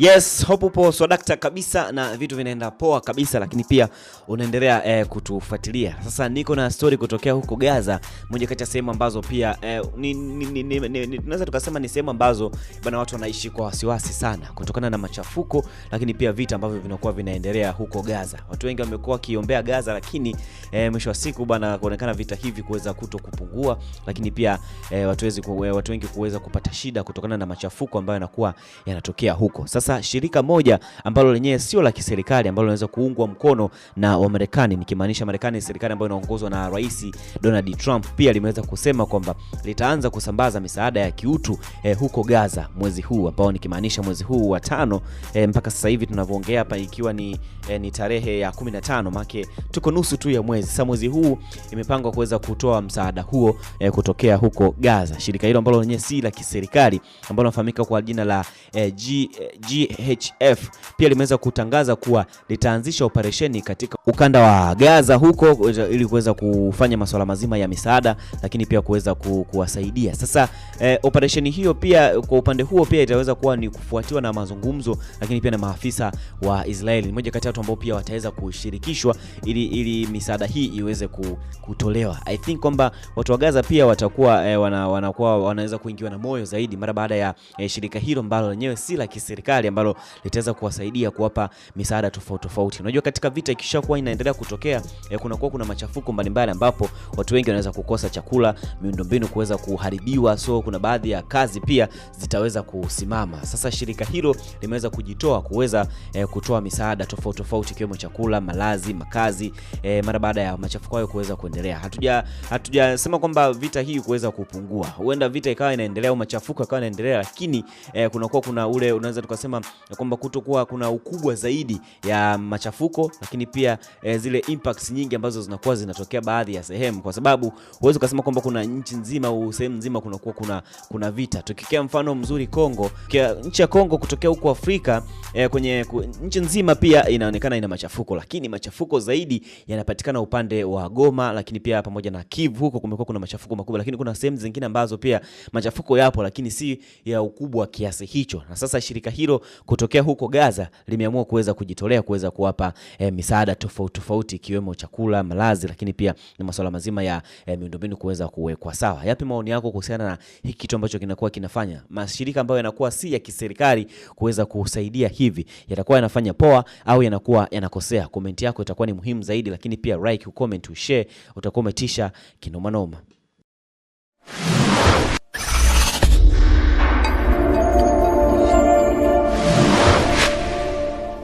Yes, hopo po swadakta kabisa na vitu vinaenda poa kabisa, lakini pia unaendelea eh, kutufuatilia. Sasa niko na story kutokea huko Gaza, moja kati ya sehemu ambazo pia eh, tunaweza tukasema ni sehemu ambazo bana watu wanaishi kwa wasiwasi sana kutokana na machafuko, lakini pia vita ambavyo vinakuwa vinaendelea huko Gaza. Watu wengi wamekuwa wakiombea Gaza, lakini eh, mwisho wa siku bana kuonekana vita hivi kuweza kuto kupungua, lakini pia eh, eh, watu wengi kuweza kupata shida kutokana na machafuko ambayo yanakuwa yanatokea huko. Sasa sasa shirika moja ambalo lenyewe sio la kiserikali ambalo linaweza kuungwa mkono na Wamarekani, nikimaanisha Marekani, serikali ambayo inaongozwa na Rais Donald Trump, pia limeweza kusema kwamba litaanza kusambaza misaada ya kiutu eh, huko Gaza mwezi huu ambao nikimaanisha mwezi huu wa tano eh, mpaka sasa hivi tunavyoongea hapa ikiwa ni, eh, ni tarehe ya 15 make tuko nusu tu ya mwezi. Sasa mwezi huu imepangwa kuweza kutoa msaada huo eh, kutokea huko Gaza. Shirika hilo ambalo lenyewe si la kiserikali ambalo linafahamika kwa jina la eh, G, eh, G GHF pia limeweza kutangaza kuwa litaanzisha operesheni katika ukanda wa Gaza huko eh, ili kuweza kufanya masuala mazima ya misaada, lakini pia kuweza ku, kuwasaidia. Sasa eh, operesheni hiyo pia kwa upande huo pia itaweza kuwa ni kufuatiwa na mazungumzo, lakini pia na maafisa wa Israeli. mmoja kati ya watu ambao pia wataweza kushirikishwa ili, ili misaada hii iweze kutolewa. I think kwamba watu wa Gaza pia watakuwa eh, wana, wanakuwa wanaweza kuingiwa na moyo zaidi mara baada ya eh, shirika hilo ambalo lenyewe si la kiserikali ambalo litaweza kuwasaidia kuwapa misaada tofauti tofauti. Unajua, katika vita ikishakuwa inaendelea kutokea eh, kuwa kuna machafuko mbalimbali ambapo watu wengi wanaweza kukosa chakula, miundombinu kuweza kuharibiwa, so kuna baadhi ya kazi pia zitaweza kusimama. Sasa shirika hilo limeweza kujitoa kuweza eh, kutoa misaada tofauti tofauti ikiwemo chakula, malazi, makazi eh, mara baada ya machafuko hayo kuweza kuendelea. Hatuja hatujasema kwamba vita hii kuweza kupungua, huenda vita ikawa inaendelea au machafuko yakawa inaendelea, lakini eh, kunakuwa kuna ule unaweza tukasema wanasema kwamba kutokuwa kuna ukubwa zaidi ya machafuko, lakini pia e, zile impacts nyingi ambazo zinakuwa zinatokea baadhi ya sehemu, kwa sababu huwezi ukasema kwamba kuna nchi nzima au sehemu nzima kunakuwa kuna, kuna vita. Tukikia mfano mzuri Kongo, kia nchi ya Kongo kutokea huko Afrika e, kwenye ku, nchi nzima pia inaonekana ina machafuko, lakini machafuko zaidi yanapatikana upande wa Goma, lakini pia pamoja na Kivu, huko kumekuwa kuna machafuko makubwa, lakini kuna sehemu zingine ambazo pia machafuko yapo, lakini si ya ukubwa kiasi hicho. Na sasa shirika hilo kutokea huko Gaza limeamua kuweza kujitolea kuweza kuwapa eh, misaada tofauti tofauti ikiwemo chakula, malazi, lakini pia na masuala mazima ya eh, miundombinu kuweza kuwekwa sawa. Yapi maoni yako kuhusiana na hiki kitu ambacho kinakuwa kinafanya mashirika ambayo yanakuwa si ya kiserikali kuweza kusaidia hivi, yatakuwa yanafanya poa au yanakuwa yanakosea? Komenti yako itakuwa ni muhimu zaidi, lakini pia like, ucomment, ushare, utakuwa umetisha kinomanoma.